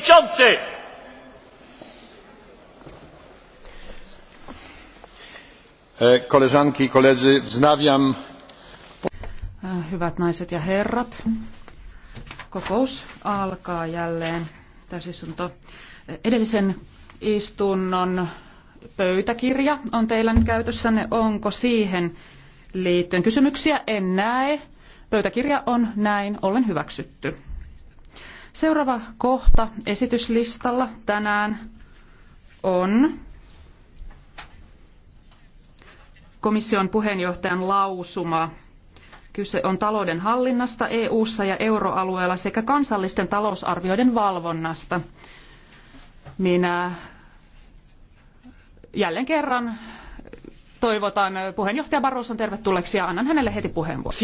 przewodniczący! E, koleżanki i koledzy, wznawiam. E, hyvät naiset ja herrat, kokous alkaa jälleen. Täysistunto. E, edellisen istunnon pöytäkirja on teillä nyt käytössänne. Onko siihen liittyen kysymyksiä? En näe. Pöytäkirja on näin ollen hyväksytty. Seuraava kohta esityslistalla tänään on komission puheenjohtajan lausuma. Kyse on talouden hallinnasta EU:ssa ja euroalueella sekä kansallisten talousarvioiden valvonnasta. Minä jälleen kerran toivotan puheenjohtaja Barroson tervetulleeksi ja annan hänelle heti puheenvuoron.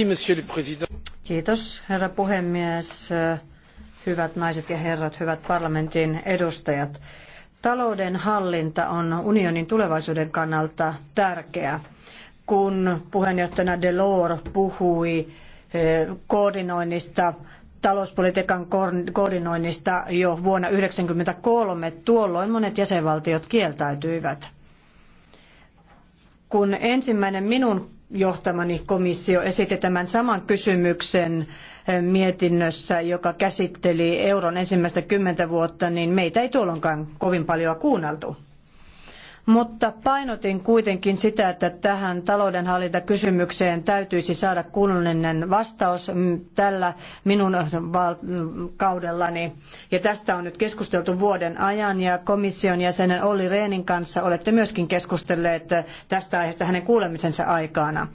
Kiitos, herra puhemies hyvät naiset ja herrat, hyvät parlamentin edustajat. Talouden hallinta on unionin tulevaisuuden kannalta tärkeää. Kun puheenjohtajana Delors puhui eh, koordinoinnista, talouspolitiikan koordinoinnista jo vuonna 1993, tuolloin monet jäsenvaltiot kieltäytyivät kun ensimmäinen minun johtamani komissio esitti tämän saman kysymyksen eh, mietinnössä, joka käsitteli euron ensimmäistä kymmentä vuotta, niin meitä ei tuolloinkaan kovin paljon kuunneltu mutta painotin kuitenkin sitä, että tähän taloudenhallintakysymykseen täytyisi saada kunnollinen vastaus tällä minun kaudellani. Ja tästä on nyt keskusteltu vuoden ajan ja komission jäsenen Olli Rehnin kanssa olette myöskin keskustelleet tästä aiheesta hänen kuulemisensa aikana.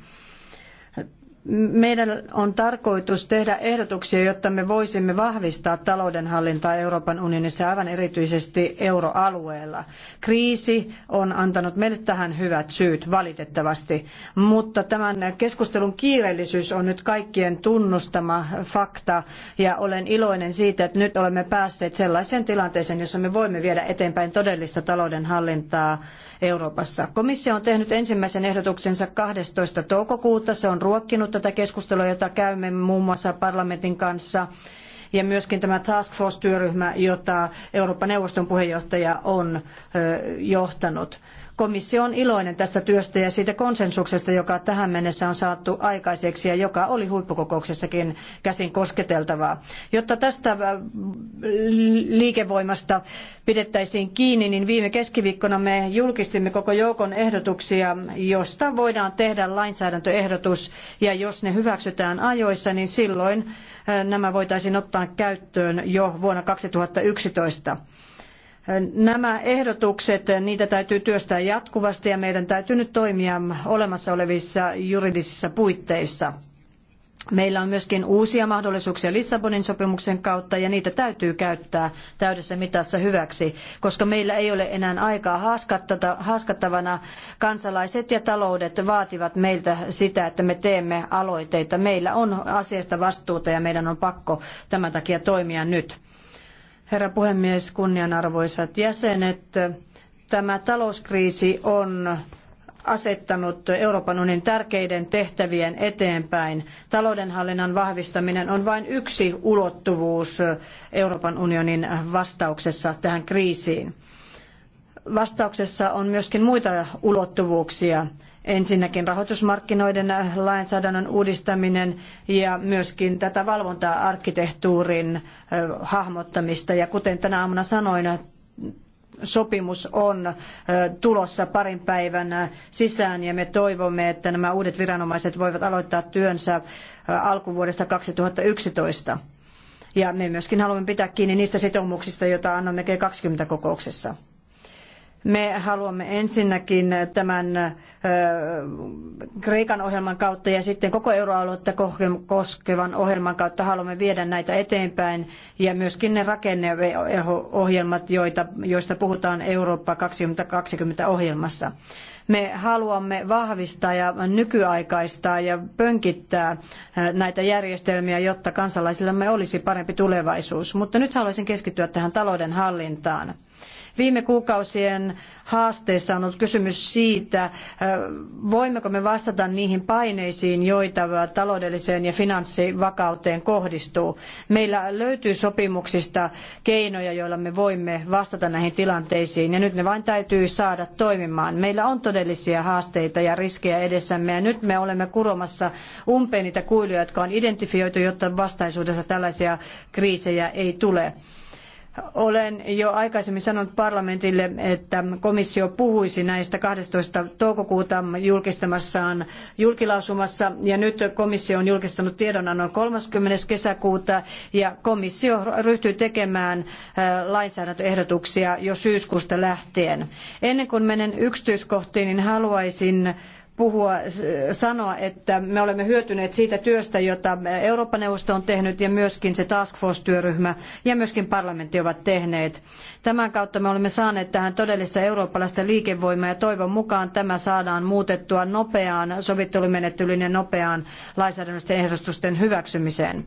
Meidän on tarkoitus tehdä ehdotuksia, jotta me voisimme vahvistaa taloudenhallintaa Euroopan unionissa, aivan erityisesti euroalueella. Kriisi on antanut meille tähän hyvät syyt, valitettavasti. Mutta tämän keskustelun kiireellisyys on nyt kaikkien tunnustama fakta, ja olen iloinen siitä, että nyt olemme päässeet sellaiseen tilanteeseen, jossa me voimme viedä eteenpäin todellista taloudenhallintaa Euroopassa. Komissio on tehnyt ensimmäisen ehdotuksensa 12. toukokuuta. Se on ruokkinut tätä keskustelua, jota käymme muun muassa parlamentin kanssa ja myöskin tämä Task Force-työryhmä, jota Euroopan neuvoston puheenjohtaja on johtanut. Komissio on iloinen tästä työstä ja siitä konsensuksesta, joka tähän mennessä on saatu aikaiseksi ja joka oli huippukokouksessakin käsin kosketeltavaa. Jotta tästä äh, liikevoimasta pidettäisiin kiinni, niin viime keskiviikkona me julkistimme koko joukon ehdotuksia, josta voidaan tehdä lainsäädäntöehdotus ja jos ne hyväksytään ajoissa, niin silloin äh, nämä voitaisiin ottaa käyttöön jo vuonna 2011. Nämä ehdotukset, niitä täytyy työstää jatkuvasti ja meidän täytyy nyt toimia olemassa olevissa juridisissa puitteissa. Meillä on myöskin uusia mahdollisuuksia Lissabonin sopimuksen kautta ja niitä täytyy käyttää täydessä mitassa hyväksi, koska meillä ei ole enää aikaa haaskattavana. Kansalaiset ja taloudet vaativat meiltä sitä, että me teemme aloitteita. Meillä on asiasta vastuuta ja meidän on pakko tämän takia toimia nyt. Herra puhemies, kunnianarvoisat jäsenet, tämä talouskriisi on asettanut Euroopan unionin tärkeiden tehtävien eteenpäin. Taloudenhallinnan vahvistaminen on vain yksi ulottuvuus Euroopan unionin vastauksessa tähän kriisiin. Vastauksessa on myöskin muita ulottuvuuksia. Ensinnäkin rahoitusmarkkinoiden äh, lainsäädännön uudistaminen ja myöskin tätä valvonta-arkkitehtuurin äh, hahmottamista. Ja kuten tänä aamuna sanoin, sopimus on äh, tulossa parin päivän sisään ja me toivomme, että nämä uudet viranomaiset voivat aloittaa työnsä alkuvuodesta 2011. Ja me myöskin haluamme pitää kiinni niistä sitoumuksista, joita annamme G20-kokouksessa. Me haluamme ensinnäkin tämän Kreikan ohjelman kautta ja sitten koko euroaluetta koskevan ohjelman kautta haluamme viedä näitä eteenpäin ja myöskin ne rakenneohjelmat, joita, joista puhutaan Eurooppa 2020 ohjelmassa. Me haluamme vahvistaa ja nykyaikaistaa ja pönkittää näitä järjestelmiä, jotta kansalaisillamme olisi parempi tulevaisuus. Mutta nyt haluaisin keskittyä tähän talouden hallintaan. Viime kuukausien haasteissa on ollut kysymys siitä, voimmeko me vastata niihin paineisiin, joita taloudelliseen ja finanssivakauteen kohdistuu. Meillä löytyy sopimuksista keinoja, joilla me voimme vastata näihin tilanteisiin, ja nyt ne vain täytyy saada toimimaan. Meillä on todellisia haasteita ja riskejä edessämme, ja nyt me olemme kuromassa umpeen niitä kuiluja, jotka on identifioitu, jotta vastaisuudessa tällaisia kriisejä ei tule. Olen jo aikaisemmin sanonut parlamentille, että komissio puhuisi näistä 12. toukokuuta julkistamassaan julkilausumassa ja nyt komissio on julkistanut tiedonannon 30. kesäkuuta ja komissio ryhtyy tekemään äh, lainsäädäntöehdotuksia jo syyskuusta lähtien. Ennen kuin menen yksityiskohtiin, niin haluaisin puhua, sanoa, että me olemme hyötyneet siitä työstä, jota Eurooppa-neuvosto on tehnyt ja myöskin se Task Force-työryhmä ja myöskin parlamentti ovat tehneet. Tämän kautta me olemme saaneet tähän todellista eurooppalaista liikevoimaa ja toivon mukaan tämä saadaan muutettua nopeaan sovittelumenettelyyn ja nopeaan lainsäädännöllisten ehdotusten hyväksymiseen.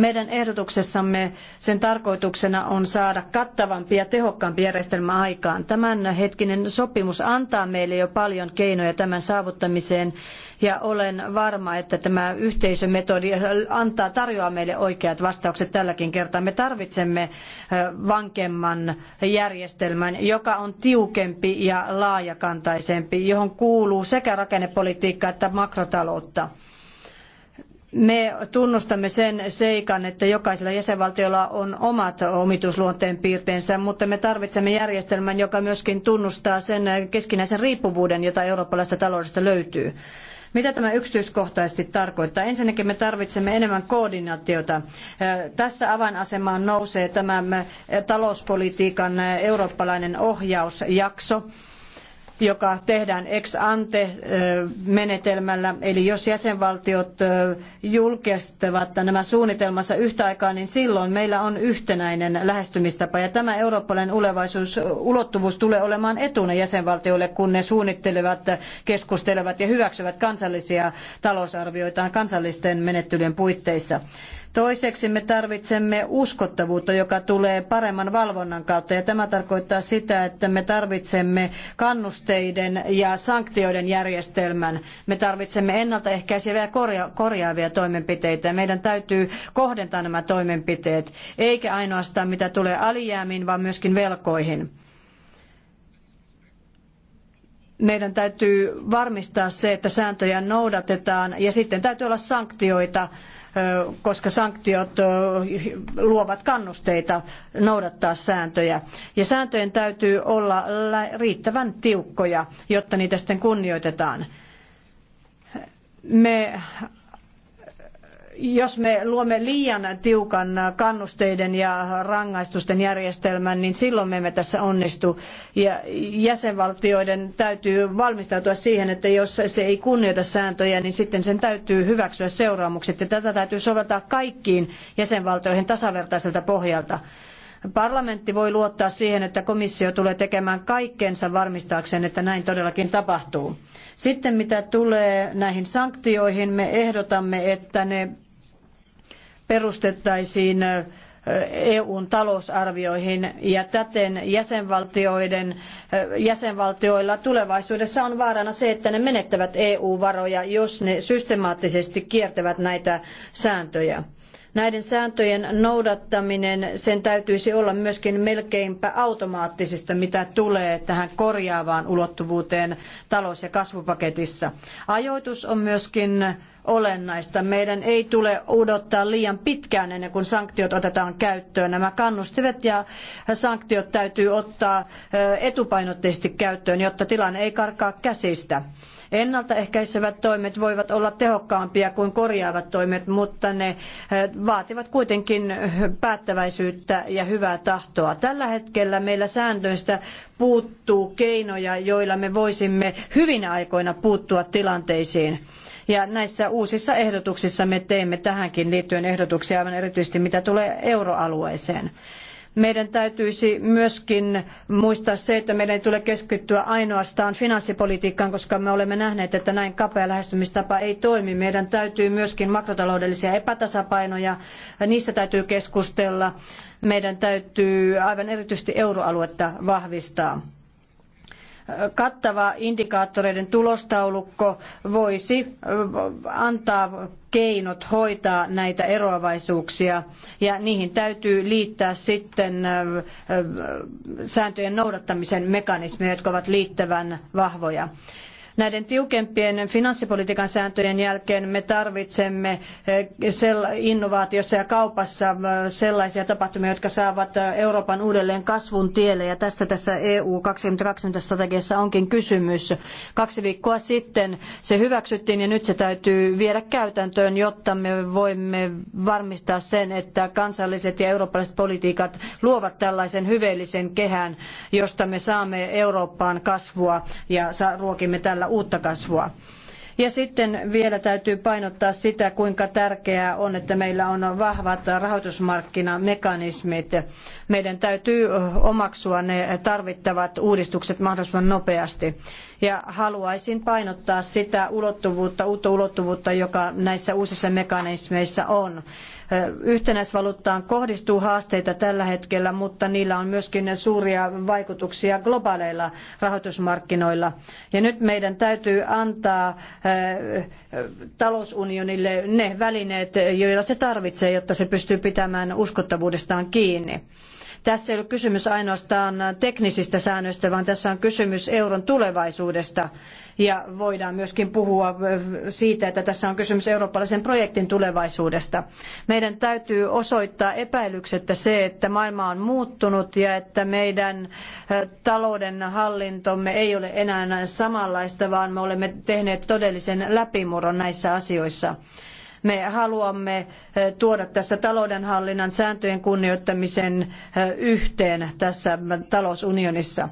Meidän ehdotuksessamme sen tarkoituksena on saada kattavampi ja tehokkaampi järjestelmä aikaan. Tämänhetkinen sopimus antaa meille jo paljon keinoja tämän saavuttamiseen ja olen varma, että tämä yhteisömetodi antaa, tarjoaa meille oikeat vastaukset tälläkin kertaa. Me tarvitsemme vankemman järjestelmän, joka on tiukempi ja laajakantaisempi, johon kuuluu sekä rakennepolitiikka että makrotaloutta. Me tunnustamme sen seikan, että jokaisella jäsenvaltiolla on omat omitusluonteen piirteensä, mutta me tarvitsemme järjestelmän, joka myöskin tunnustaa sen keskinäisen riippuvuuden, jota eurooppalaista taloudesta löytyy. Mitä tämä yksityiskohtaisesti tarkoittaa? Ensinnäkin me tarvitsemme enemmän koordinaatiota. Tässä avainasemaan nousee tämä talouspolitiikan eurooppalainen ohjausjakso joka tehdään ex ante menetelmällä. Eli jos jäsenvaltiot julkistavat nämä suunnitelmansa yhtä aikaa, niin silloin meillä on yhtenäinen lähestymistapa. Ja tämä eurooppalainen ulottuvuus tulee olemaan etuna jäsenvaltioille, kun ne suunnittelevat, keskustelevat ja hyväksyvät kansallisia talousarvioitaan kansallisten menettelyjen puitteissa. Toiseksi me tarvitsemme uskottavuutta, joka tulee paremman valvonnan kautta, ja tämä tarkoittaa sitä, että me tarvitsemme kannusteita kannusteiden ja sanktioiden järjestelmän. Me tarvitsemme ennaltaehkäiseviä ja korjaavia toimenpiteitä ja meidän täytyy kohdentaa nämä toimenpiteet, eikä ainoastaan mitä tulee alijäämiin, vaan myöskin velkoihin meidän täytyy varmistaa se, että sääntöjä noudatetaan ja sitten täytyy olla sanktioita koska sanktiot luovat kannusteita noudattaa sääntöjä. Ja sääntöjen täytyy olla riittävän tiukkoja, jotta niitä sitten kunnioitetaan. Me jos me luomme liian tiukan kannusteiden ja rangaistusten järjestelmän, niin silloin me emme tässä onnistu. Ja jäsenvaltioiden täytyy valmistautua siihen, että jos se ei kunnioita sääntöjä, niin sitten sen täytyy hyväksyä seuraamukset. Ja tätä täytyy soveltaa kaikkiin jäsenvaltioihin tasavertaiselta pohjalta. Parlamentti voi luottaa siihen, että komissio tulee tekemään kaikkensa varmistaakseen, että näin todellakin tapahtuu. Sitten mitä tulee näihin sanktioihin, me ehdotamme, että ne perustettaisiin EUn talousarvioihin ja täten jäsenvaltioiden, jäsenvaltioilla tulevaisuudessa on vaarana se, että ne menettävät EU-varoja, jos ne systemaattisesti kiertävät näitä sääntöjä. Näiden sääntöjen noudattaminen, sen täytyisi olla myöskin melkeinpä automaattisista, mitä tulee tähän korjaavaan ulottuvuuteen talous- ja kasvupaketissa. Ajoitus on myöskin olennaista. Meidän ei tule odottaa liian pitkään ennen kuin sanktiot otetaan käyttöön. Nämä kannustimet ja sanktiot täytyy ottaa etupainotteisesti käyttöön, jotta tilanne ei karkaa käsistä. Ennaltaehkäisevät toimet voivat olla tehokkaampia kuin korjaavat toimet, mutta ne vaativat kuitenkin päättäväisyyttä ja hyvää tahtoa. Tällä hetkellä meillä sääntöistä puuttuu keinoja, joilla me voisimme hyvinä aikoina puuttua tilanteisiin. Ja näissä uusissa ehdotuksissa me teemme tähänkin liittyen ehdotuksia aivan erityisesti mitä tulee euroalueeseen. Meidän täytyisi myöskin muistaa se, että meidän ei tule keskittyä ainoastaan finanssipolitiikkaan, koska me olemme nähneet, että näin kapea lähestymistapa ei toimi. Meidän täytyy myöskin makrotaloudellisia epätasapainoja, niistä täytyy keskustella. Meidän täytyy aivan erityisesti euroaluetta vahvistaa kattava indikaattoreiden tulostaulukko voisi antaa keinot hoitaa näitä eroavaisuuksia ja niihin täytyy liittää sitten sääntöjen noudattamisen mekanismeja, jotka ovat liittävän vahvoja. Näiden tiukempien finanssipolitiikan sääntöjen jälkeen me tarvitsemme eh, innovaatiossa ja kaupassa eh, sellaisia tapahtumia, jotka saavat eh, Euroopan uudelleen kasvun tielle. Ja tästä tässä EU 2020-strategiassa onkin kysymys. Kaksi viikkoa sitten se hyväksyttiin ja nyt se täytyy viedä käytäntöön, jotta me voimme varmistaa sen, että kansalliset ja eurooppalaiset politiikat luovat tällaisen hyveellisen kehän, josta me saamme Eurooppaan kasvua ja ruokimme tällä uutta kasvua. Ja sitten vielä täytyy painottaa sitä, kuinka tärkeää on, että meillä on vahvat rahoitusmarkkinamekanismit. Meidän täytyy omaksua ne tarvittavat uudistukset mahdollisimman nopeasti. Ja haluaisin painottaa sitä ulottuvuutta, uutta ulottuvuutta, joka näissä uusissa mekanismeissa on. Yhtenäisvaluuttaan kohdistuu haasteita tällä hetkellä, mutta niillä on myöskin suuria vaikutuksia globaaleilla rahoitusmarkkinoilla. Ja nyt meidän täytyy antaa talousunionille ne välineet, joita se tarvitsee, jotta se pystyy pitämään uskottavuudestaan kiinni. Tässä ei ole kysymys ainoastaan teknisistä säännöistä, vaan tässä on kysymys euron tulevaisuudesta. Ja voidaan myöskin puhua siitä, että tässä on kysymys eurooppalaisen projektin tulevaisuudesta. Meidän täytyy osoittaa epäilyksettä se, että maailma on muuttunut ja että meidän talouden hallintomme ei ole enää samanlaista, vaan me olemme tehneet todellisen läpimurron näissä asioissa. Me haluamme tuoda tässä taloudenhallinnan sääntöjen kunnioittamisen yhteen tässä talousunionissa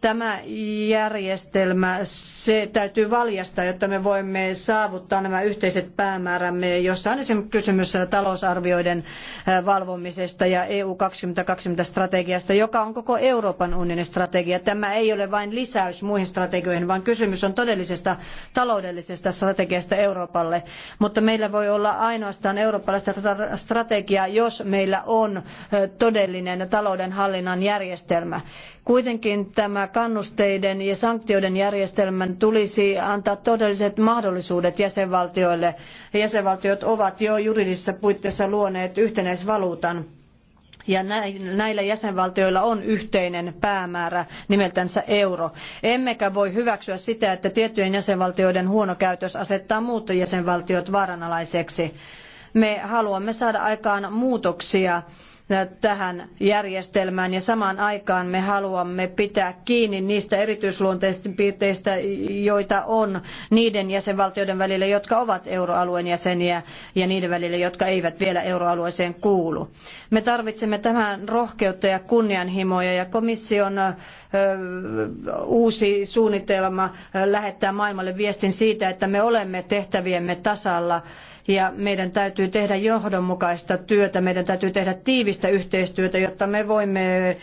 tämä järjestelmä, se täytyy valjastaa, jotta me voimme saavuttaa nämä yhteiset päämäärämme, jossa on esimerkiksi kysymys talousarvioiden äh, valvomisesta ja EU 2020 strategiasta, joka on koko Euroopan unionin strategia. Tämä ei ole vain lisäys muihin strategioihin, vaan kysymys on todellisesta taloudellisesta strategiasta Euroopalle. Mutta meillä voi olla ainoastaan eurooppalaista strategiaa, jos meillä on äh, todellinen talouden hallinnan järjestelmä. Kuitenkin tämä kannusteiden ja sanktioiden järjestelmän tulisi antaa todelliset mahdollisuudet jäsenvaltioille. Jäsenvaltiot ovat jo juridisissa puitteissa luoneet yhtenäisvaluutan ja näillä jäsenvaltioilla on yhteinen päämäärä nimeltänsä euro. Emmekä voi hyväksyä sitä, että tiettyjen jäsenvaltioiden huono käytös asettaa muut jäsenvaltiot vaaranalaiseksi. Me haluamme saada aikaan muutoksia tähän järjestelmään ja samaan aikaan me haluamme pitää kiinni niistä erityisluonteisista piirteistä, joita on niiden jäsenvaltioiden välillä, jotka ovat euroalueen jäseniä ja niiden välillä, jotka eivät vielä euroalueeseen kuulu. Me tarvitsemme tämän rohkeutta ja kunnianhimoja ja komission uusi suunnitelma lähettää maailmalle viestin siitä, että me olemme tehtäviemme tasalla ja meidän täytyy tehdä johdonmukaista työtä, meidän täytyy tehdä tiivistä yhteistyötä, jotta me voimme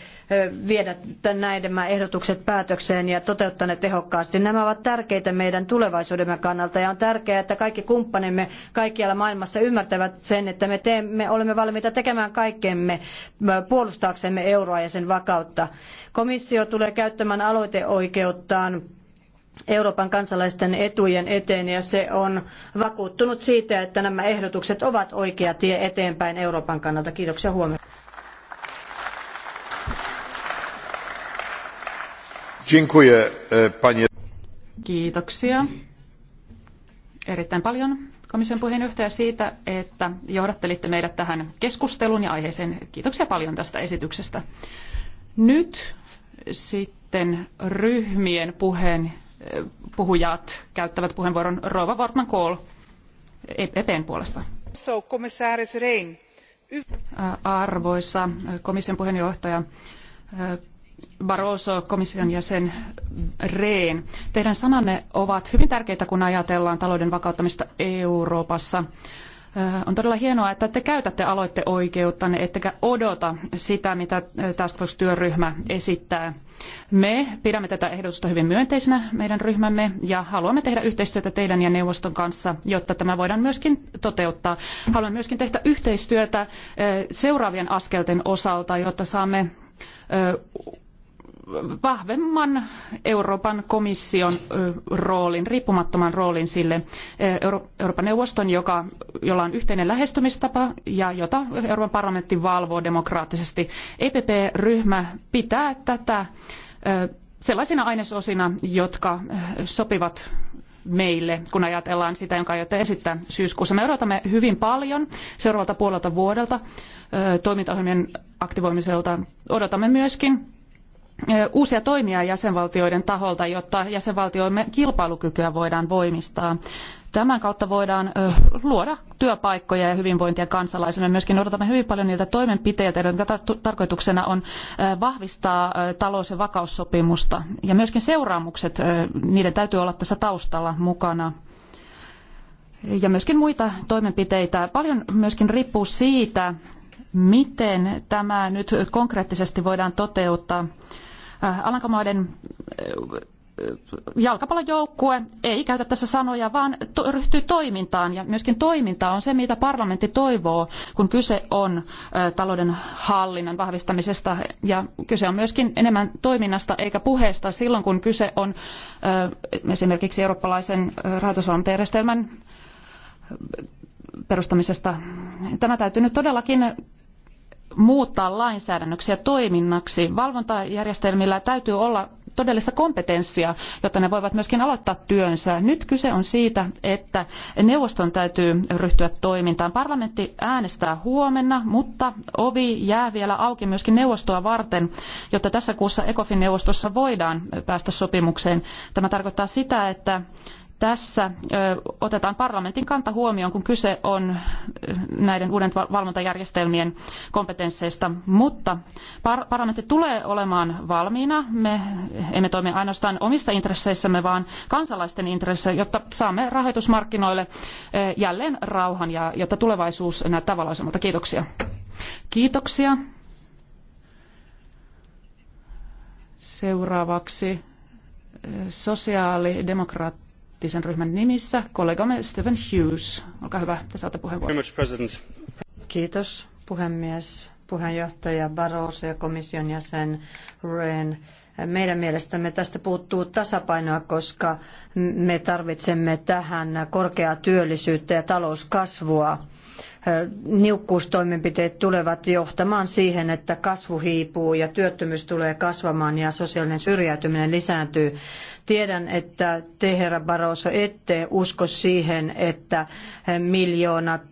viedä näiden ehdotukset päätökseen ja toteuttaa ne tehokkaasti. Nämä ovat tärkeitä meidän tulevaisuudemme kannalta ja on tärkeää, että kaikki kumppanimme kaikkialla maailmassa ymmärtävät sen, että me teemme, olemme valmiita tekemään kaikkemme puolustaaksemme euroa ja sen vakautta. Komissio tulee käyttämään aloiteoikeuttaan Euroopan kansalaisten etujen eteen ja se on vakuuttunut siitä, että nämä ehdotukset ovat oikea tie eteenpäin Euroopan kannalta. Kiitoksia huomioon. E, Kiitoksia erittäin paljon komission puheenjohtaja siitä, että johdattelitte meidät tähän keskusteluun ja aiheeseen. Kiitoksia paljon tästä esityksestä. Nyt sitten ryhmien puheenjohtaja puhujat käyttävät puheenvuoron Rova Wortman Kool EPn puolesta. So, komissaaris Rein. Arvoisa komission puheenjohtaja, Barroso, komission jäsen Rehn. Teidän sananne ovat hyvin tärkeitä, kun ajatellaan talouden vakauttamista Euroopassa. Äh, on todella hienoa, että te käytätte aloitteoikeuttanne, ettekä odota sitä, mitä äh, Task Force-työryhmä esittää. Me pidämme tätä ehdotusta hyvin myönteisenä meidän ryhmämme ja haluamme tehdä yhteistyötä teidän ja neuvoston kanssa, jotta tämä voidaan myöskin toteuttaa. Haluamme myöskin tehdä yhteistyötä äh, seuraavien askelten osalta, jotta saamme vahvemman Euroopan komission roolin, riippumattoman roolin sille Euroopan neuvoston, joka, jolla on yhteinen lähestymistapa ja jota Euroopan parlamentti valvoo demokraattisesti. EPP-ryhmä pitää tätä sellaisina ainesosina, jotka sopivat meille, kun ajatellaan sitä, jonka aiotte esittää syyskuussa. Me odotamme hyvin paljon seuraavalta puolelta vuodelta toimintaohjelmien aktivoimiselta. Odotamme myöskin uusia toimia jäsenvaltioiden taholta, jotta jäsenvaltioiden kilpailukykyä voidaan voimistaa. Tämän kautta voidaan luoda työpaikkoja ja hyvinvointia kansalaisille. Myöskin odotamme hyvin paljon niiltä toimenpiteiltä, joiden tarkoituksena on vahvistaa talous- ja vakaussopimusta. Ja myöskin seuraamukset, niiden täytyy olla tässä taustalla mukana ja myöskin muita toimenpiteitä. Paljon myöskin riippuu siitä, miten tämä nyt konkreettisesti voidaan toteuttaa. Äh, Alankomaiden äh, jalkapallojoukkue ei käytä tässä sanoja, vaan to- ryhtyy toimintaan. Ja myöskin toiminta on se, mitä parlamentti toivoo, kun kyse on äh, talouden hallinnan vahvistamisesta. Ja kyse on myöskin enemmän toiminnasta eikä puheesta silloin, kun kyse on esimerkiksi eurooppalaisen rahoitusvalvontajärjestelmän perustamisesta. Tämä täytyy nyt todellakin muuttaa lainsäädännöksiä toiminnaksi. Valvontajärjestelmillä täytyy olla todellista kompetenssia, jotta ne voivat myöskin aloittaa työnsä. Nyt kyse on siitä, että neuvoston täytyy ryhtyä toimintaan. Parlamentti äänestää huomenna, mutta ovi jää vielä auki myöskin neuvostoa varten, jotta tässä kuussa ECOFIN-neuvostossa voidaan päästä sopimukseen. Tämä tarkoittaa sitä, että tässä otetaan parlamentin kanta huomioon, kun kyse on näiden uuden valvontajärjestelmien kompetensseista, mutta parlamentti tulee olemaan valmiina. Me emme toimi ainoastaan omista intresseissämme, vaan kansalaisten intresseissä, jotta saamme rahoitusmarkkinoille jälleen rauhan ja jotta tulevaisuus näyttää valoisammalta. Kiitoksia. Kiitoksia. Seuraavaksi sosiaalidemokraatti poliittisen ryhmän nimissä kollegamme Stephen Hughes. Olkaa hyvä, te saatte puheenvuoron. Kiitos puhemies, puheenjohtaja Barroso ja komission jäsen Rehn. Meidän mielestämme tästä puuttuu tasapainoa, koska me tarvitsemme tähän korkeaa työllisyyttä ja talouskasvua niukkuustoimenpiteet tulevat johtamaan siihen, että kasvu hiipuu ja työttömyys tulee kasvamaan ja sosiaalinen syrjäytyminen lisääntyy. Tiedän, että te, herra Barroso, ette usko siihen, että miljoonat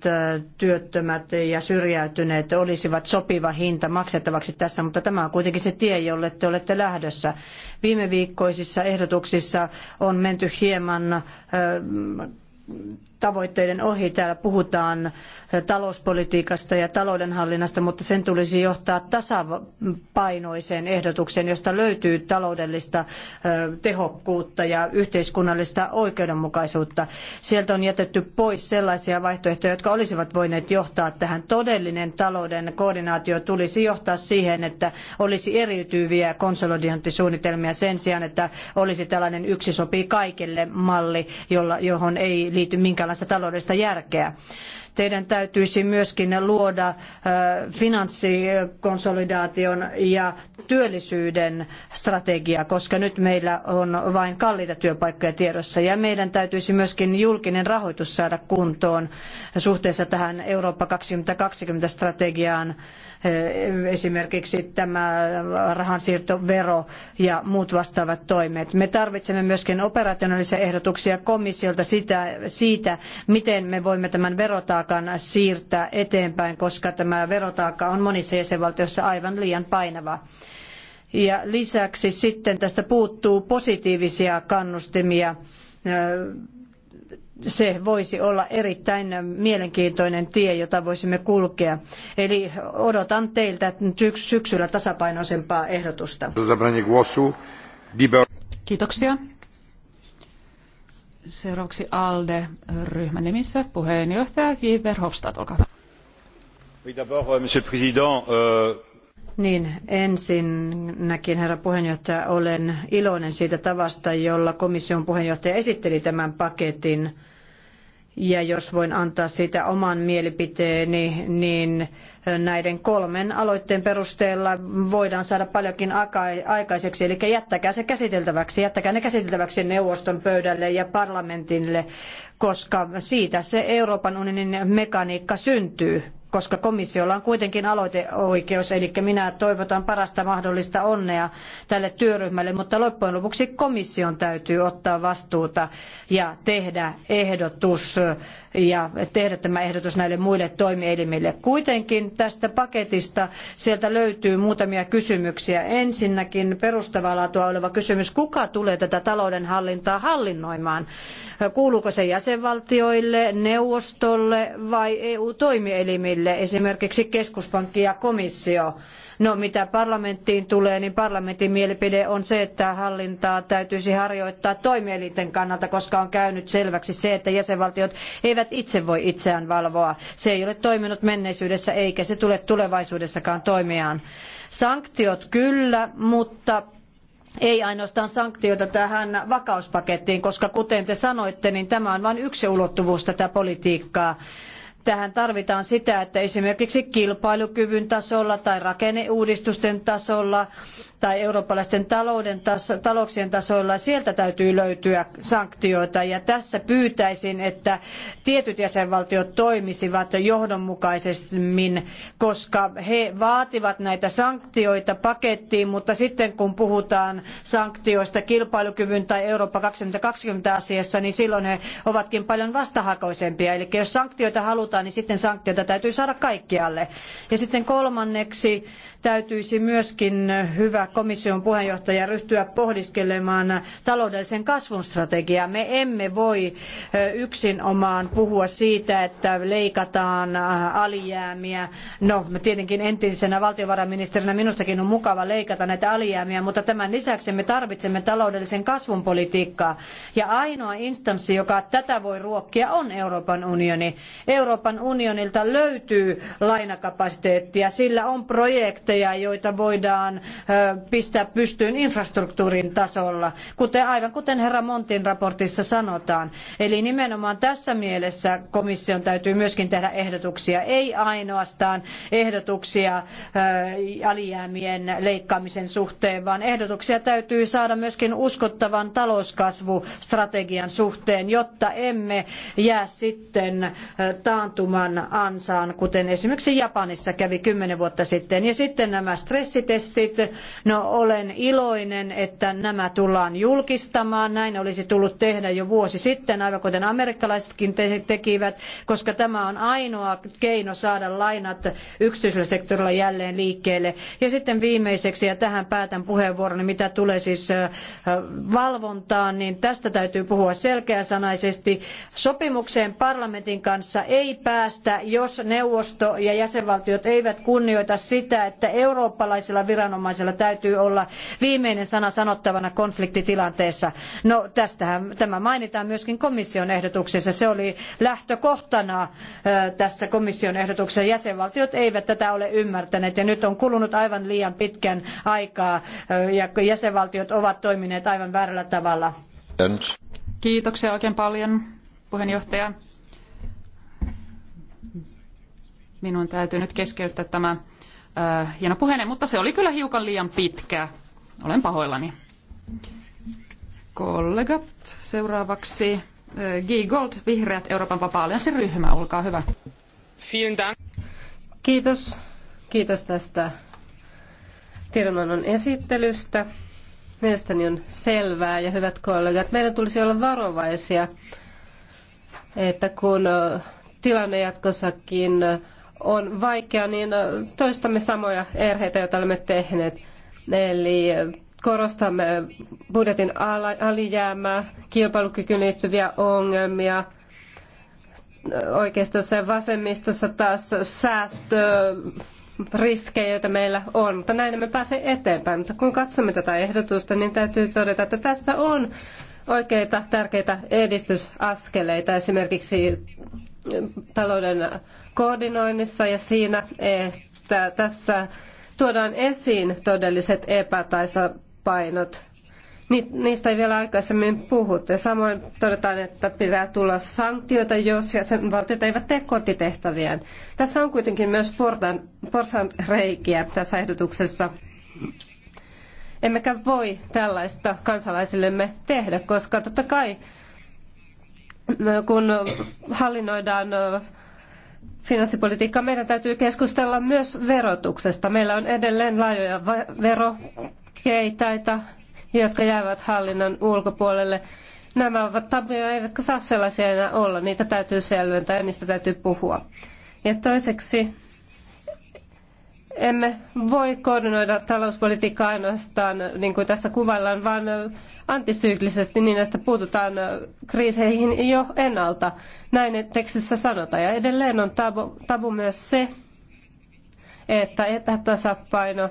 työttömät ja syrjäytyneet olisivat sopiva hinta maksettavaksi tässä, mutta tämä on kuitenkin se tie, jolle te olette lähdössä. Viime viikkoisissa ehdotuksissa on menty hieman tavoitteiden ohi. Täällä puhutaan talouspolitiikasta ja taloudenhallinnasta, mutta sen tulisi johtaa tasapainoiseen ehdotukseen, josta löytyy taloudellista tehokkuutta ja yhteiskunnallista oikeudenmukaisuutta. Sieltä on jätetty pois sellaisia vaihtoehtoja, jotka olisivat voineet johtaa tähän. Todellinen talouden koordinaatio tulisi johtaa siihen, että olisi eriytyviä konsolidointisuunnitelmia sen sijaan, että olisi tällainen yksi sopii kaikille malli, jolla, johon ei liity minkään minkäänlaista taloudellista järkeä. Teidän täytyisi myöskin luoda finanssikonsolidaation ja työllisyyden strategia, koska nyt meillä on vain kalliita työpaikkoja tiedossa. Ja meidän täytyisi myöskin julkinen rahoitus saada kuntoon suhteessa tähän Eurooppa 2020 strategiaan. Eh, esimerkiksi tämä rahansiirtovero ja muut vastaavat toimet. Me tarvitsemme myöskin operationaalisia ehdotuksia komissiolta sitä, siitä, miten me voimme tämän verotaakan siirtää eteenpäin, koska tämä verotaakka on monissa jäsenvaltioissa aivan liian painava. Ja lisäksi sitten tästä puuttuu positiivisia kannustimia eh, se voisi olla erittäin mielenkiintoinen tie, jota voisimme kulkea. Eli odotan teiltä syksyllä tasapainoisempaa ehdotusta. Kiitoksia. Seuraavaksi ALDE-ryhmän nimissä puheenjohtaja Guy Verhofstadt, olkaa hyvä. Niin, ensinnäkin herra puheenjohtaja, olen iloinen siitä tavasta, jolla komission puheenjohtaja esitteli tämän paketin. Ja jos voin antaa siitä oman mielipiteeni, niin näiden kolmen aloitteen perusteella voidaan saada paljonkin aikaiseksi. Eli jättäkää se käsiteltäväksi, jättäkää ne käsiteltäväksi neuvoston pöydälle ja parlamentille, koska siitä se Euroopan unionin mekaniikka syntyy koska komissiolla on kuitenkin aloiteoikeus, eli minä toivotan parasta mahdollista onnea tälle työryhmälle, mutta loppujen lopuksi komission täytyy ottaa vastuuta ja tehdä ehdotus ja tehdä tämä ehdotus näille muille toimielimille. Kuitenkin tästä paketista sieltä löytyy muutamia kysymyksiä. Ensinnäkin perustavaa laatua oleva kysymys, kuka tulee tätä taloudenhallintaa hallinnoimaan? Kuuluuko se jäsenvaltioille, neuvostolle vai EU-toimielimille, esimerkiksi keskuspankki ja komissio? No mitä parlamenttiin tulee, niin parlamentin mielipide on se, että hallintaa täytyisi harjoittaa toimielinten kannalta, koska on käynyt selväksi se, että jäsenvaltiot eivät itse voi itseään valvoa. Se ei ole toiminut menneisyydessä eikä se tule tulevaisuudessakaan toimiaan. Sanktiot kyllä, mutta ei ainoastaan sanktioita tähän vakauspakettiin, koska kuten te sanoitte, niin tämä on vain yksi ulottuvuus tätä politiikkaa. Tähän tarvitaan sitä, että esimerkiksi kilpailukyvyn tasolla tai rakenneuudistusten tasolla tai eurooppalaisten talouden taso, talouksien tasoilla, sieltä täytyy löytyä sanktioita. Ja tässä pyytäisin, että tietyt jäsenvaltiot toimisivat johdonmukaisemmin, koska he vaativat näitä sanktioita pakettiin, mutta sitten kun puhutaan sanktioista kilpailukyvyn tai Eurooppa 2020 asiassa, niin silloin he ovatkin paljon vastahakoisempia. Eli jos sanktioita halutaan, niin sitten sanktioita täytyy saada kaikkialle. Ja sitten kolmanneksi täytyisi myöskin hyvä komission puheenjohtaja ryhtyä pohdiskelemaan taloudellisen kasvun strategiaa. Me emme voi yksinomaan puhua siitä, että leikataan alijäämiä. No, tietenkin entisenä valtiovarainministerinä minustakin on mukava leikata näitä alijäämiä, mutta tämän lisäksi me tarvitsemme taloudellisen kasvun politiikkaa. Ja ainoa instanssi, joka tätä voi ruokkia, on Euroopan unioni. Euroopan unionilta löytyy lainakapasiteettia, sillä on projekti projekteja, joita voidaan pistää pystyyn infrastruktuurin tasolla, kuten, aivan kuten herra Montin raportissa sanotaan. Eli nimenomaan tässä mielessä komission täytyy myöskin tehdä ehdotuksia, ei ainoastaan ehdotuksia alijäämien leikkaamisen suhteen, vaan ehdotuksia täytyy saada myöskin uskottavan talouskasvustrategian suhteen, jotta emme jää sitten taantuman ansaan, kuten esimerkiksi Japanissa kävi kymmenen vuotta sitten. Ja sitten sitten nämä stressitestit. No olen iloinen, että nämä tullaan julkistamaan. Näin olisi tullut tehdä jo vuosi sitten, aivan kuten amerikkalaisetkin te- tekivät, koska tämä on ainoa keino saada lainat yksityisellä sektorilla jälleen liikkeelle. Ja sitten viimeiseksi, ja tähän päätän puheenvuoroni, mitä tulee siis valvontaan, niin tästä täytyy puhua selkeäsanaisesti. Sopimukseen parlamentin kanssa ei päästä, jos neuvosto ja jäsenvaltiot eivät kunnioita sitä, että että eurooppalaisilla viranomaisilla täytyy olla viimeinen sana sanottavana konfliktitilanteessa. No tästähän tämä mainitaan myöskin komission ehdotuksessa. Se oli lähtökohtana tässä komission ehdotuksessa. Jäsenvaltiot eivät tätä ole ymmärtäneet ja nyt on kulunut aivan liian pitkän aikaa ja jäsenvaltiot ovat toimineet aivan väärällä tavalla. Kiitoksia oikein paljon puheenjohtaja. Minun täytyy nyt keskeyttää tämä äh, hieno mutta se oli kyllä hiukan liian pitkä. Olen pahoillani. Kollegat, seuraavaksi äh, G. Gold, Vihreät, Euroopan vapaa ryhmä, olkaa hyvä. Kiitos. Kiitos tästä tiedonannon esittelystä. Mielestäni on selvää ja hyvät kollegat, meidän tulisi olla varovaisia, että kun äh, tilanne jatkossakin on vaikea, niin toistamme samoja erheitä, joita olemme tehneet. Eli korostamme budjetin alijäämää, kilpailukykyyn liittyviä ongelmia, oikeistossa ja vasemmistossa taas säästöriskejä, joita meillä on. Mutta näin emme pääse eteenpäin. Mutta kun katsomme tätä ehdotusta, niin täytyy todeta, että tässä on oikeita tärkeitä edistysaskeleita. Esimerkiksi talouden koordinoinnissa ja siinä, että tässä tuodaan esiin todelliset epätasapainot. Niistä ei vielä aikaisemmin puhuttu. Ja samoin todetaan, että pitää tulla sanktioita, jos jäsenvaltiot eivät tee kotitehtäviään. Tässä on kuitenkin myös portan, porsan reikiä tässä ehdotuksessa. Emmekä voi tällaista kansalaisillemme tehdä, koska totta kai kun hallinnoidaan finanssipolitiikkaa, meidän täytyy keskustella myös verotuksesta. Meillä on edelleen laajoja verokeitaita, jotka jäävät hallinnan ulkopuolelle. Nämä ovat tabuja, eivätkä saa sellaisia enää olla. Niitä täytyy selventää ja niistä täytyy puhua. Ja toiseksi emme voi koordinoida talouspolitiikkaa ainoastaan, niin kuin tässä kuvaillaan, vaan antisyklisesti niin, että puututaan kriiseihin jo ennalta. Näin tekstissä sanotaan. Ja edelleen on tabu, tabu myös se, että epätasapaino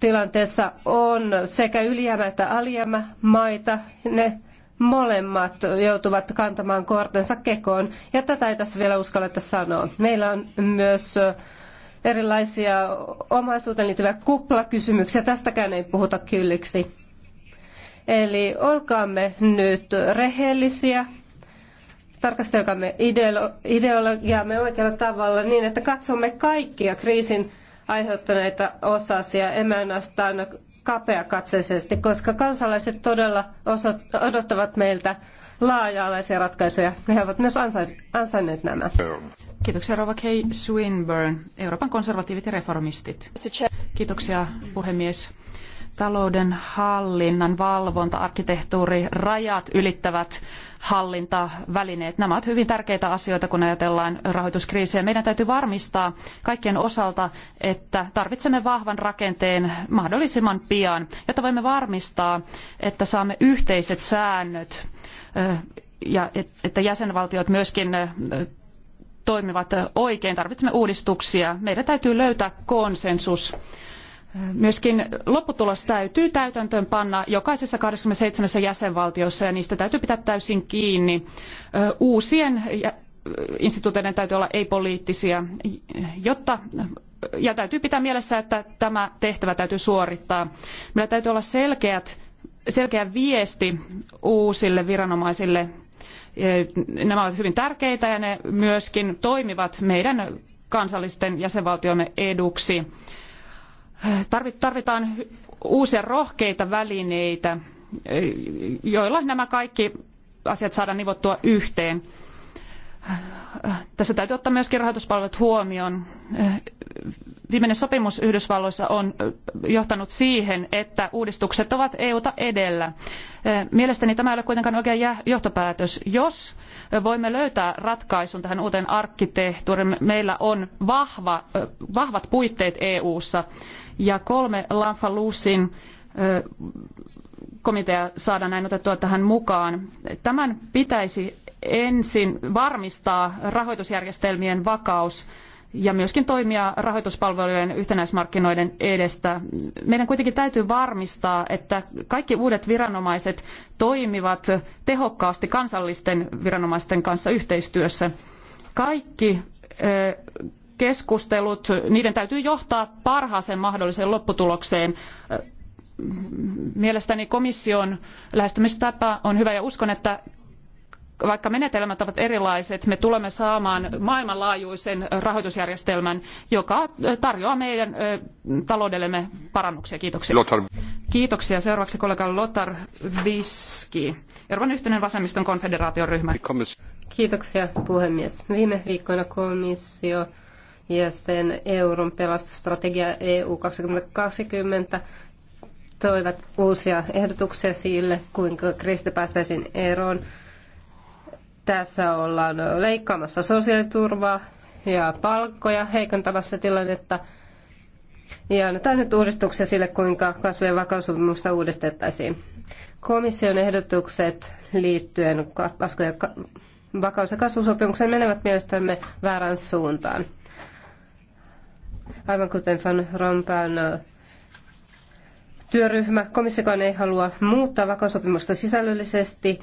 tilanteessa on sekä ylijäämä että alijäämä maita. Ne molemmat joutuvat kantamaan kortensa kekoon, ja tätä ei tässä vielä uskalleta sanoa. Meillä on myös erilaisia omaisuuteen liittyviä kuplakysymyksiä. Tästäkään ei puhuta kylliksi. Eli olkaamme nyt rehellisiä, tarkastelkaamme ideolo- ideologiaamme oikealla tavalla niin, että katsomme kaikkia kriisin aiheuttaneita osasia, emme ainoastaan kapeakatseisesti, koska kansalaiset todella odottavat meiltä laaja-alaisia ratkaisuja. He ovat myös ansainneet nämä. Kiitoksia Rova K. Swinburne, Euroopan konservatiivit ja reformistit. Kiitoksia puhemies. Talouden hallinnan valvonta, arkkitehtuuri, rajat ylittävät hallintavälineet. Nämä ovat hyvin tärkeitä asioita, kun ajatellaan rahoituskriisiä. Meidän täytyy varmistaa kaikkien osalta, että tarvitsemme vahvan rakenteen mahdollisimman pian, jotta voimme varmistaa, että saamme yhteiset säännöt ja että jäsenvaltiot myöskin toimivat oikein. Tarvitsemme uudistuksia. Meidän täytyy löytää konsensus. Myöskin lopputulos täytyy täytäntöön panna jokaisessa 27 jäsenvaltiossa ja niistä täytyy pitää täysin kiinni. Uusien instituutioiden täytyy olla ei-poliittisia, jotta ja täytyy pitää mielessä, että tämä tehtävä täytyy suorittaa. Meillä täytyy olla selkeät, selkeä viesti uusille viranomaisille Nämä ovat hyvin tärkeitä ja ne myöskin toimivat meidän kansallisten jäsenvaltiomme eduksi. Tarvitaan uusia rohkeita välineitä, joilla nämä kaikki asiat saadaan nivottua yhteen tässä täytyy ottaa myöskin rahoituspalvelut huomioon. Viimeinen sopimus Yhdysvalloissa on johtanut siihen, että uudistukset ovat EUta edellä. Mielestäni tämä ei ole kuitenkaan oikea johtopäätös. Jos voimme löytää ratkaisun tähän uuteen arkkitehtuuriin, meillä on vahva, vahvat puitteet EUssa ja kolme Lanfalusin komitea saada näin otettua tähän mukaan. Tämän pitäisi ensin varmistaa rahoitusjärjestelmien vakaus ja myöskin toimia rahoituspalvelujen yhtenäismarkkinoiden edestä. Meidän kuitenkin täytyy varmistaa, että kaikki uudet viranomaiset toimivat tehokkaasti kansallisten viranomaisten kanssa yhteistyössä. Kaikki keskustelut, niiden täytyy johtaa parhaaseen mahdolliseen lopputulokseen. Mielestäni komission lähestymistapa on hyvä ja uskon, että vaikka menetelmät ovat erilaiset, me tulemme saamaan maailmanlaajuisen rahoitusjärjestelmän, joka tarjoaa meidän taloudellemme parannuksia. Kiitoksia. Lothar. Kiitoksia. Seuraavaksi kollega Lothar Viski, Euroopan yhteinen vasemmiston konfederaation ryhmä. Kiitoksia puhemies. Viime viikkoina komissio ja sen euron pelastusstrategia EU 2020 toivat uusia ehdotuksia sille, kuinka kriisistä päästäisiin eroon tässä ollaan leikkaamassa sosiaaliturvaa ja palkkoja, heikentämässä tilannetta. Ja annetaan nyt uudistuksia sille, kuinka kasvien vakaussopimusta uudistettaisiin. Komission ehdotukset liittyen vakaus- ja kasvusopimukseen menevät mielestämme väärään suuntaan. Aivan kuten Van Rompuyn työryhmä, komissiokaan ei halua muuttaa vakaussopimusta sisällöllisesti,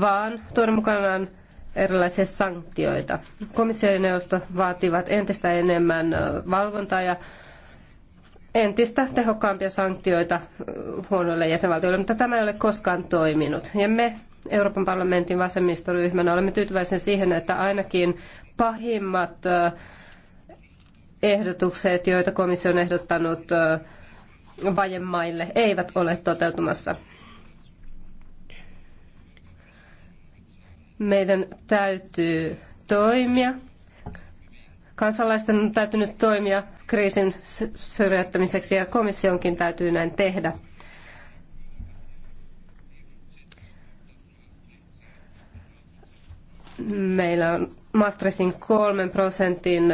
vaan tuoda mukanaan erilaisia sanktioita. Komissio ja neuvosto vaativat entistä enemmän valvontaa ja entistä tehokkaampia sanktioita huonoille jäsenvaltioille, mutta tämä ei ole koskaan toiminut. Ja me Euroopan parlamentin vasemmistoryhmänä olemme tyytyväisiä siihen, että ainakin pahimmat ehdotukset, joita komissio on ehdottanut vajemaille, eivät ole toteutumassa. Meidän täytyy toimia. Kansalaisten on täytynyt toimia kriisin syrjäyttämiseksi ja komissionkin täytyy näin tehdä. Meillä on Maastrichtin kolmen prosentin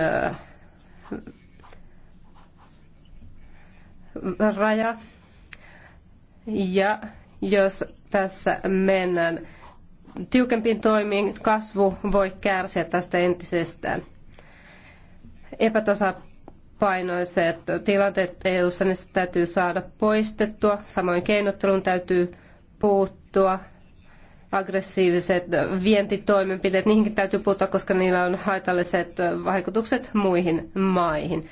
raja. Ja jos tässä mennään tiukempiin toimiin, kasvu voi kärsiä tästä entisestään. Epätasapainoiset tilanteet EU-ssa niistä täytyy saada poistettua, samoin keinottelun täytyy puuttua, aggressiiviset vientitoimenpiteet, niihinkin täytyy puuttua, koska niillä on haitalliset vaikutukset muihin maihin.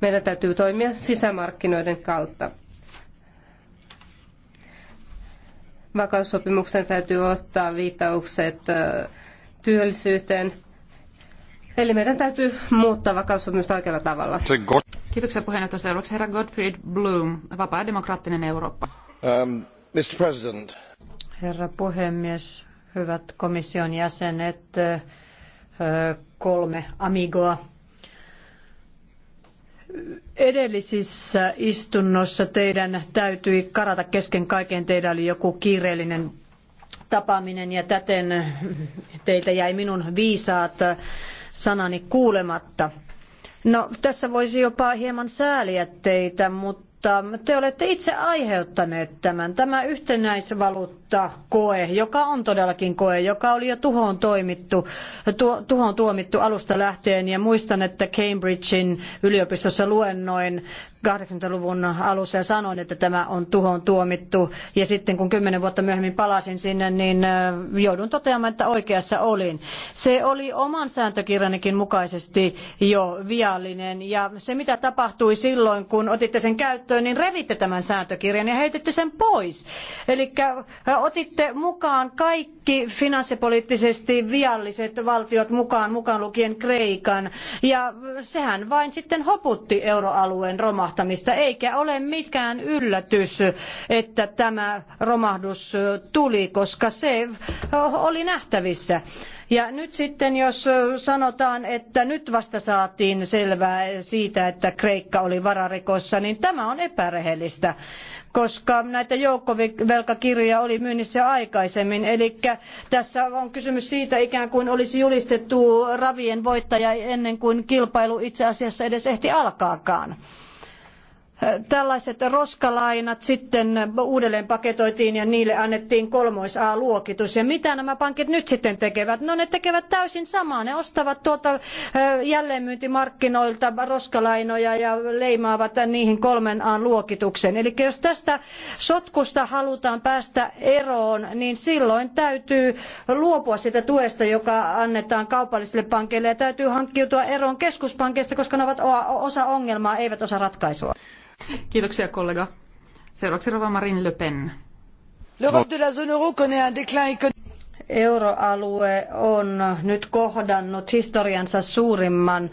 Meidän täytyy toimia sisämarkkinoiden kautta. vakaussopimuksen täytyy ottaa viittaukset työllisyyteen. Eli meidän täytyy muuttaa vakaussopimusta oikealla tavalla. Kiitoksia puheenjohtaja. Seuraavaksi herra Gottfried Bloom, vapaa demokraattinen Eurooppa. Um, Mr. President. Herra puhemies, hyvät komission jäsenet, kolme amigoa edellisissä istunnossa teidän täytyi karata kesken kaiken, teillä oli joku kiireellinen tapaaminen ja täten teiltä jäi minun viisaat sanani kuulematta. No, tässä voisi jopa hieman sääliä teitä, mutta mutta te olette itse aiheuttaneet tämän. Tämä yhtenäisvaluutta koe, joka on todellakin koe, joka oli jo tuhoon, toimittu, tu, tuhoon tuomittu alusta lähtien ja muistan, että Cambridgein yliopistossa luennoin 80-luvun alussa ja sanoin, että tämä on tuhoon tuomittu. Ja sitten kun kymmenen vuotta myöhemmin palasin sinne, niin joudun toteamaan, että oikeassa olin. Se oli oman sääntökirjanikin mukaisesti jo viallinen. Ja se, mitä tapahtui silloin, kun otitte sen käyttöön, niin revitte tämän sääntökirjan ja heititte sen pois. Eli otitte mukaan kaikki finanssipoliittisesti vialliset valtiot mukaan, mukaan lukien Kreikan. Ja sehän vain sitten hoputti euroalueen romahtamista romahtamista, eikä ole mitkään yllätys, että tämä romahdus tuli, koska se oli nähtävissä. Ja nyt sitten, jos sanotaan, että nyt vasta saatiin selvää siitä, että Kreikka oli vararikossa, niin tämä on epärehellistä koska näitä joukkovelkakirjoja oli myynnissä jo aikaisemmin. Eli tässä on kysymys siitä ikään kuin olisi julistettu ravien voittaja ennen kuin kilpailu itse asiassa edes ehti alkaakaan tällaiset roskalainat sitten uudelleen paketoitiin ja niille annettiin kolmois A-luokitus. Ja mitä nämä pankit nyt sitten tekevät? No ne tekevät täysin samaa. Ne ostavat tuota jälleenmyyntimarkkinoilta roskalainoja ja leimaavat niihin kolmen A-luokituksen. Eli jos tästä sotkusta halutaan päästä eroon, niin silloin täytyy luopua siitä tuesta, joka annetaan kaupallisille pankeille ja täytyy hankkiutua eroon keskuspankeista, koska ne ovat osa ongelmaa, eivät osa ratkaisua. Kiitoksia kollega. Seuraavaksi Rova Marine Le Pen. L'Europe de euroalue on nyt kohdannut historiansa suurimman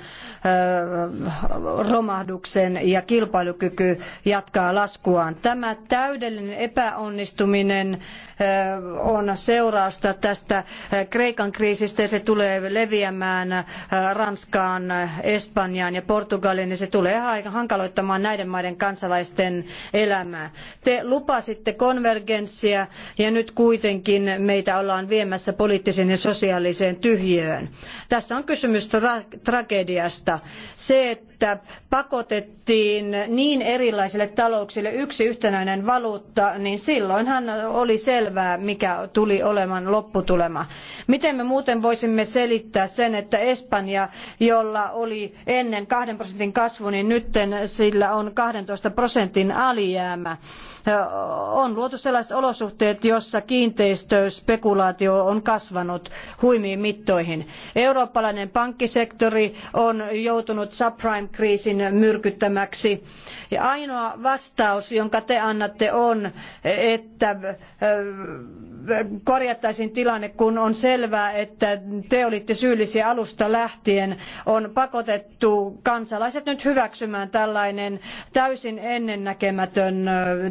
romahduksen ja kilpailukyky jatkaa laskuaan. Tämä täydellinen epäonnistuminen Eh, on seurausta tästä eh, Kreikan kriisistä ja se tulee leviämään eh, Ranskaan, Espanjaan ja Portugaliin ja se tulee hankaloittamaan näiden maiden kansalaisten elämää. Te lupasitte konvergenssia ja nyt kuitenkin meitä ollaan viemässä poliittiseen ja sosiaaliseen tyhjiöön. Tässä on kysymys tra tragediasta. Se, että että pakotettiin niin erilaisille talouksille yksi yhtenäinen valuutta, niin silloinhan oli selvää, mikä tuli olemaan lopputulema. Miten me muuten voisimme selittää sen, että Espanja, jolla oli ennen kahden prosentin kasvu, niin nyt sillä on 12 prosentin alijäämä. On luotu sellaiset olosuhteet, jossa kiinteistöspekulaatio on kasvanut huimiin mittoihin. Eurooppalainen pankkisektori on joutunut subprime kriisin myrkyttämäksi. Ja ainoa vastaus, jonka te annatte, on, että korjattaisiin tilanne, kun on selvää, että te olitte syyllisiä alusta lähtien. On pakotettu kansalaiset nyt hyväksymään tällainen täysin ennennäkemätön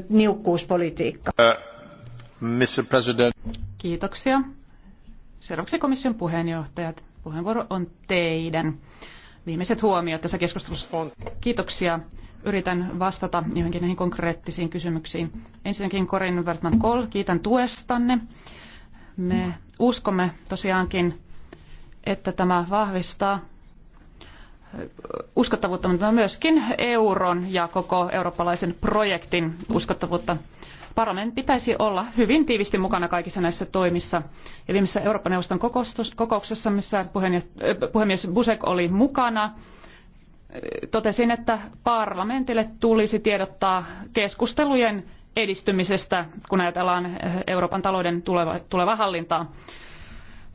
niukkuuspolitiikka. Mr. President. Kiitoksia. Seuraavaksi komission puheenjohtajat. Puheenvuoro on teidän viimeiset huomiot tässä keskustelussa. Kiitoksia. Yritän vastata johonkin näihin konkreettisiin kysymyksiin. Ensinnäkin Corin Wertman Koll, kiitän tuestanne. Me uskomme tosiaankin, että tämä vahvistaa uskottavuutta, mutta myöskin euron ja koko eurooppalaisen projektin uskottavuutta. Parlamentin pitäisi olla hyvin tiivisti mukana kaikissa näissä toimissa. Ja viimeisessä Eurooppa-neuvoston kokouksessa, missä äh, puhemies Busek oli mukana, äh, totesin, että parlamentille tulisi tiedottaa keskustelujen edistymisestä, kun ajatellaan äh, Euroopan talouden tulevaa hallintaa.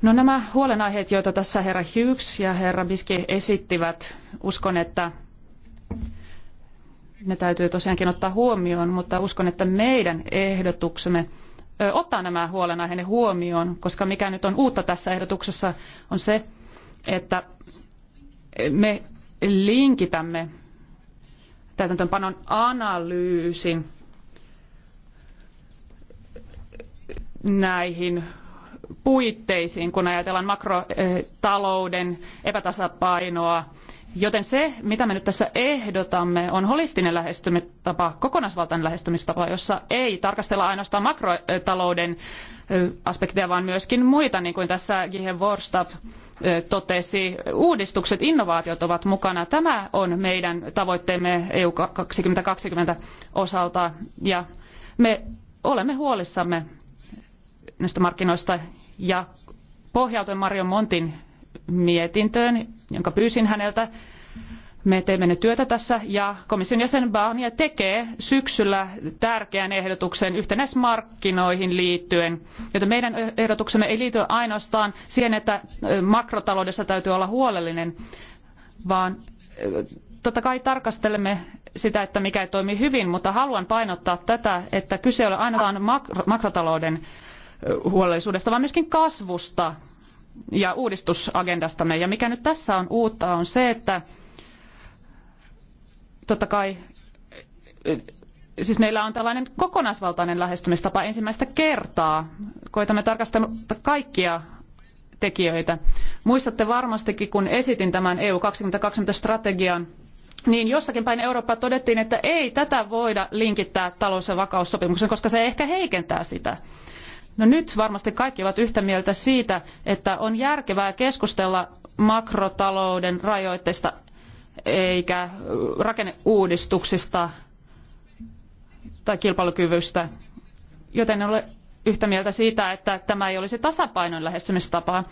No nämä huolenaiheet, joita tässä herra Hughes ja herra Biski esittivät, uskon, että ne täytyy tosiaankin ottaa huomioon, mutta uskon, että meidän ehdotuksemme ottaa nämä huolenaiheenne huomioon, koska mikä nyt on uutta tässä ehdotuksessa on se, että me linkitämme täytäntöönpanon analyysin näihin puitteisiin, kun ajatellaan makrotalouden epätasapainoa. Joten se, mitä me nyt tässä ehdotamme, on holistinen lähestymistapa, kokonaisvaltainen lähestymistapa, jossa ei tarkastella ainoastaan makrotalouden aspekteja, vaan myöskin muita, niin kuin tässä Gihe Worstav totesi. Uudistukset, innovaatiot ovat mukana. Tämä on meidän tavoitteemme EU 2020 osalta, ja me olemme huolissamme näistä markkinoista ja pohjautuen Mario Montin mietintöön, jonka pyysin häneltä. Me teemme nyt työtä tässä ja komission jäsen Barnier tekee syksyllä tärkeän ehdotuksen yhtenäismarkkinoihin liittyen. Joten meidän ehdotuksemme ei liity ainoastaan siihen, että makrotaloudessa täytyy olla huolellinen, vaan totta kai tarkastelemme sitä, että mikä ei toimi hyvin, mutta haluan painottaa tätä, että kyse ei ole ainoastaan makrotalouden huolellisuudesta, vaan myöskin kasvusta ja uudistusagendastamme. Ja mikä nyt tässä on uutta on se, että totta kai siis meillä on tällainen kokonaisvaltainen lähestymistapa ensimmäistä kertaa. Koitamme tarkastella kaikkia tekijöitä. Muistatte varmastikin, kun esitin tämän EU 2020-strategian, niin jossakin päin Eurooppaa todettiin, että ei tätä voida linkittää talous- ja vakaussopimuksen, koska se ehkä heikentää sitä. No nyt varmasti kaikki ovat yhtä mieltä siitä, että on järkevää keskustella makrotalouden rajoitteista eikä rakenneuudistuksista tai kilpailukyvystä. Joten en ole yhtä mieltä siitä, että tämä ei olisi tasapainon lähestymistapa.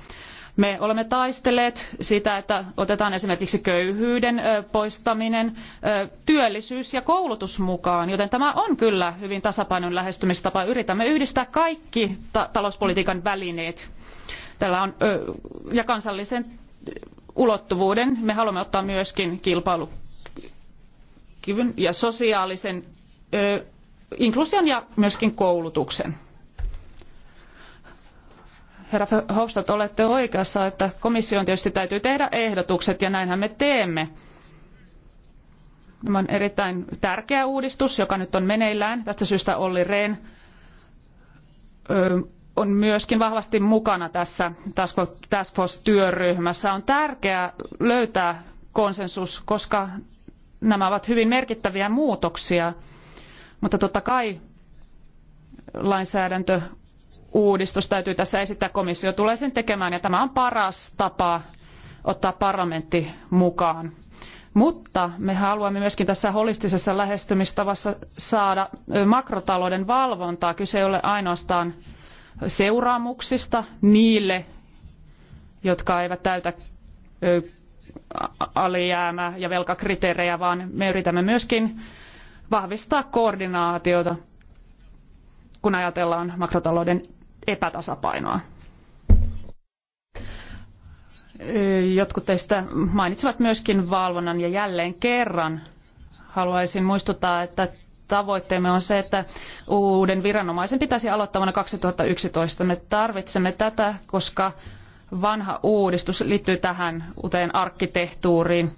Me olemme taistelleet sitä, että otetaan esimerkiksi köyhyyden poistaminen, työllisyys ja koulutus mukaan, joten tämä on kyllä hyvin tasapainon lähestymistapa. Yritämme yhdistää kaikki ta talouspolitiikan välineet tällä on, ja kansallisen ulottuvuuden. Me haluamme ottaa myöskin kilpailukyvyn ja sosiaalisen inklusion ja myöskin koulutuksen herra Hofstadt, olette oikeassa, että komission tietysti täytyy tehdä ehdotukset ja näinhän me teemme. Tämä on erittäin tärkeä uudistus, joka nyt on meneillään. Tästä syystä Olli Rehn on myöskin vahvasti mukana tässä Task Force-työryhmässä. On tärkeää löytää konsensus, koska nämä ovat hyvin merkittäviä muutoksia, mutta totta kai lainsäädäntö uudistus täytyy tässä esittää. Komissio tulee sen tekemään ja tämä on paras tapa ottaa parlamentti mukaan. Mutta me haluamme myöskin tässä holistisessa lähestymistavassa saada makrotalouden valvontaa. Kyse ei ole ainoastaan seuraamuksista niille, jotka eivät täytä alijäämä- ja velkakriteerejä, vaan me yritämme myöskin vahvistaa koordinaatiota, kun ajatellaan makrotalouden epätasapainoa. Jotkut teistä mainitsivat myöskin valvonnan ja jälleen kerran haluaisin muistuttaa, että tavoitteemme on se, että uuden viranomaisen pitäisi aloittaa vuonna 2011. Me tarvitsemme tätä, koska vanha uudistus liittyy tähän uuteen arkkitehtuuriin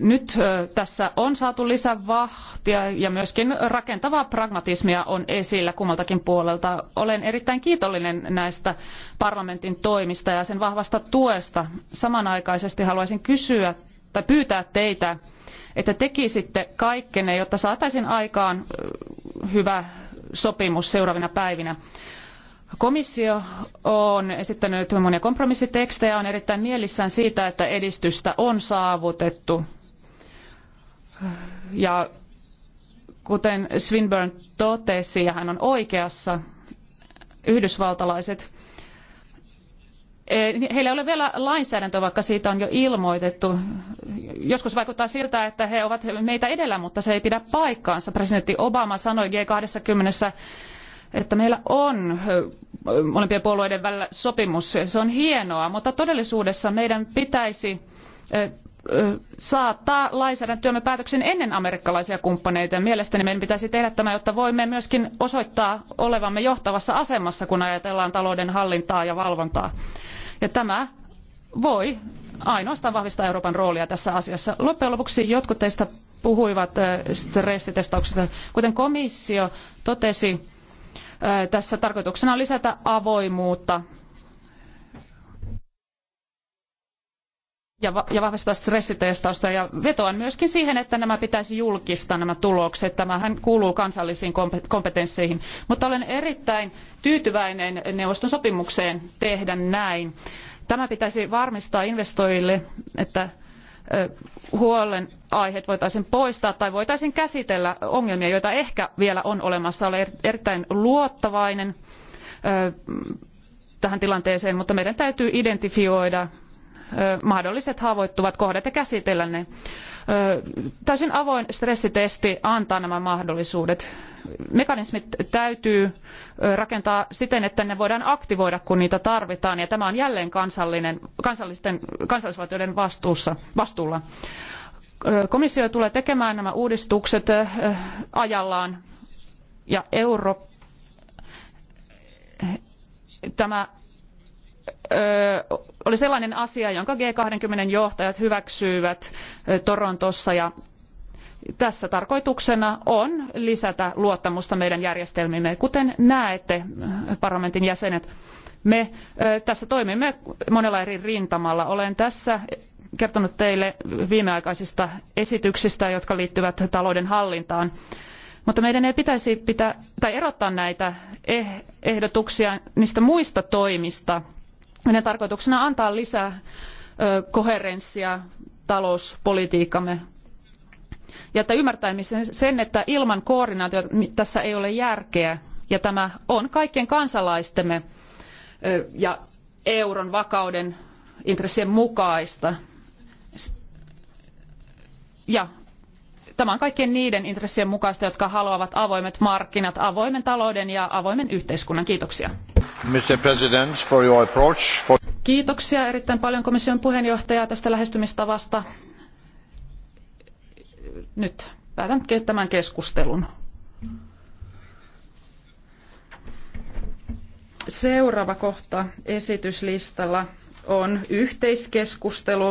nyt tässä on saatu lisävahtia ja myöskin rakentavaa pragmatismia on esillä kummaltakin puolelta. Olen erittäin kiitollinen näistä parlamentin toimista ja sen vahvasta tuesta. Samanaikaisesti haluaisin kysyä tai pyytää teitä, että tekisitte kaikkenne, jotta saataisiin aikaan hyvä sopimus seuraavina päivinä. Komissio on esittänyt monia kompromissitekstejä ja on erittäin mielissään siitä, että edistystä on saavutettu. Ja kuten Swinburne totesi, ja hän on oikeassa, yhdysvaltalaiset, e, heillä ei ole vielä lainsäädäntöä, vaikka siitä on jo ilmoitettu. Joskus vaikuttaa siltä, että he ovat meitä edellä, mutta se ei pidä paikkaansa. Presidentti Obama sanoi G20 että meillä on molempien puolueiden välillä sopimus. Se on hienoa, mutta todellisuudessa meidän pitäisi saattaa lainsäädäntöömme päätöksen ennen amerikkalaisia kumppaneita. Mielestäni meidän pitäisi tehdä tämä, jotta voimme myöskin osoittaa olevamme johtavassa asemassa, kun ajatellaan talouden hallintaa ja valvontaa. Ja tämä voi ainoastaan vahvistaa Euroopan roolia tässä asiassa. Loppujen lopuksi jotkut teistä puhuivat stressitestauksesta. Kuten komissio totesi, tässä tarkoituksena on lisätä avoimuutta ja, ja vahvistaa stressitestausta ja vetoan myöskin siihen, että nämä pitäisi julkistaa nämä tulokset. Tämähän kuuluu kansallisiin kompetensseihin, mutta olen erittäin tyytyväinen neuvoston sopimukseen tehdä näin. Tämä pitäisi varmistaa investoijille, että huolen aiheet voitaisiin poistaa tai voitaisiin käsitellä ongelmia, joita ehkä vielä on olemassa. Olen er- erittäin luottavainen tähän tilanteeseen, mutta meidän täytyy identifioida mahdolliset haavoittuvat kohdat ja käsitellä ne. Täysin avoin stressitesti antaa nämä mahdollisuudet. Mekanismit täytyy rakentaa siten, että ne voidaan aktivoida, kun niitä tarvitaan, ja tämä on jälleen kansallinen, kansallisten, kansallisvaltioiden vastuussa, vastuulla. Komissio tulee tekemään nämä uudistukset ajallaan ja euro, tämä oli sellainen asia, jonka G20 johtajat hyväksyivät Torontossa ja tässä tarkoituksena on lisätä luottamusta meidän järjestelmiimme. Kuten näette, parlamentin jäsenet, me tässä toimimme monella eri rintamalla. Olen tässä kertonut teille viimeaikaisista esityksistä, jotka liittyvät talouden hallintaan. Mutta meidän ei pitäisi pitää, tai erottaa näitä eh- ehdotuksia niistä muista toimista. Meidän tarkoituksena antaa lisää koherenssia talouspolitiikkamme. Ja että ymmärtäisimme sen, että ilman koordinaatiota tässä ei ole järkeä. Ja tämä on kaikkien kansalaistemme ja euron vakauden intressien mukaista. Ja tämä on kaikkien niiden intressien mukaista, jotka haluavat avoimet markkinat, avoimen talouden ja avoimen yhteiskunnan. Kiitoksia. Mr. President, for your approach, for... Kiitoksia erittäin paljon komission puheenjohtajaa tästä lähestymistavasta. Nyt päätän tämän keskustelun. Seuraava kohta esityslistalla on yhteiskeskustelu